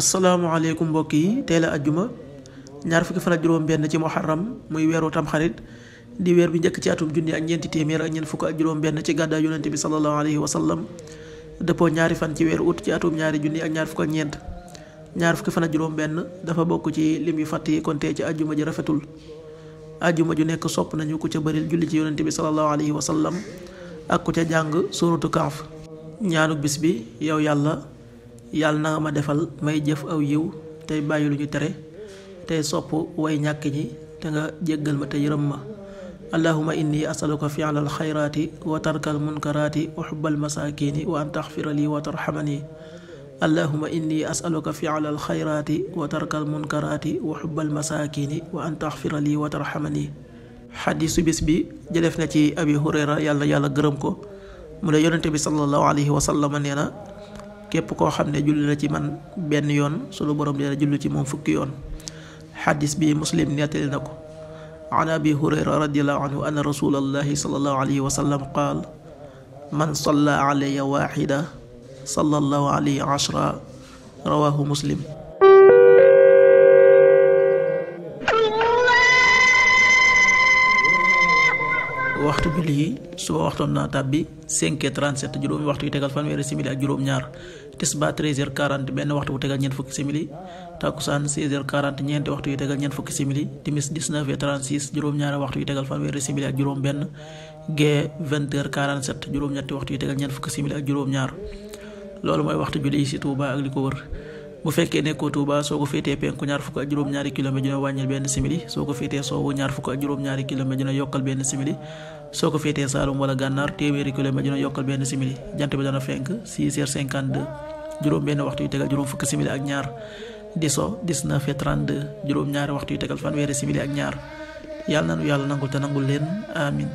asalaamaaleykum mbokk yi tey la ajjuma ñaar fukki fan ak juróom-benn ci muharram muy weeru tamxarit di weer bi njëkk ci atum junni ak ñeenti téeméer ak ñeent fukk ak juróom-benn ci gàddaay yonent bi sallallahu alayhi wa sallam dëppoo ñaari fan ci weeru ut ci atum ñaari junni ak ñaar fukk ak ñeent ñaar fukki fan ak juróom-benn dafa bokk ci lim yu fàtt yi kon tey ci ajjuma ji rafetul ajjuma ju nekk sopp nañu ku ca bëril julli ci yonent bi sallallahu alayhi wa sallam ak ku ca jàng suuratu kaaf ñaanuk bis bi yow yàlla. yàlla na nga ma defal may jëf aw yiw tey bàyyi lu ñu tere tey sopp way ñàkk ñi te nga jéggal ma te yërëm ma allahuma inni asaluka fiala alxayraati wa tarka almunkaraati wa xubba almasaakiini wa an taxfira lii wa tarxamani allahuma inni asaluka fiala alxayraati wa tarka almunkaraati lii wa tarxamani xadiisu bis bi jëlef na ci abi hurayra yàlla yàlla gërëm ko mu ne yonente bi sallallahu alayhi wa sallam nee képp koo xam ne julli na ci man benn yoon sunu borom dina julli ci moom fukki yoon xadis bi muslim nettali na ko an abi hurayra radiallahu anhu anna rasulallahi salallahu alayhi wa sallam qaal man salla alayya waxida sallallahu alayhi ashra rawahu muslim waxtu julli yi suba waxtoon na tàbbi 5h37 juróomi waxtu yu tegal fanweeri simili ak juróom-ñaar tisba 13h40 benn waxtu bu tegal ñeent fukki simili takusaan 16 timis 19h36 juróom-ñaari waxtu yu tegal fanweeri simili ak juróom-benn gee 20h47 juróom-ñetti waxtu yu tegal ñeent fukki simili ak juróom-ñaar loolu mooy waxtu julli yi ci Tuuba ak li ko wër. bu fekkee nekkoo Touba soo ko féetee penku ñaar fukk ak juróom-ñaari kilomètre dina wàññil benn simili soo ko féetee soowu ñaar fukk ak juróom-ñaari kilomètre dina yokkal benn simili soo ko féetee Saalum wala yokkal benn simili jant bi dana fenk 6 heures 52 juróom benn waxtu yu tegal juróom fukk simili ak ñaar di so 19 heures 32 juróom ñaari waxtu yu tegal fanweeri simili ak ñaar yàlla nanu yàlla nangul te nangul leen amin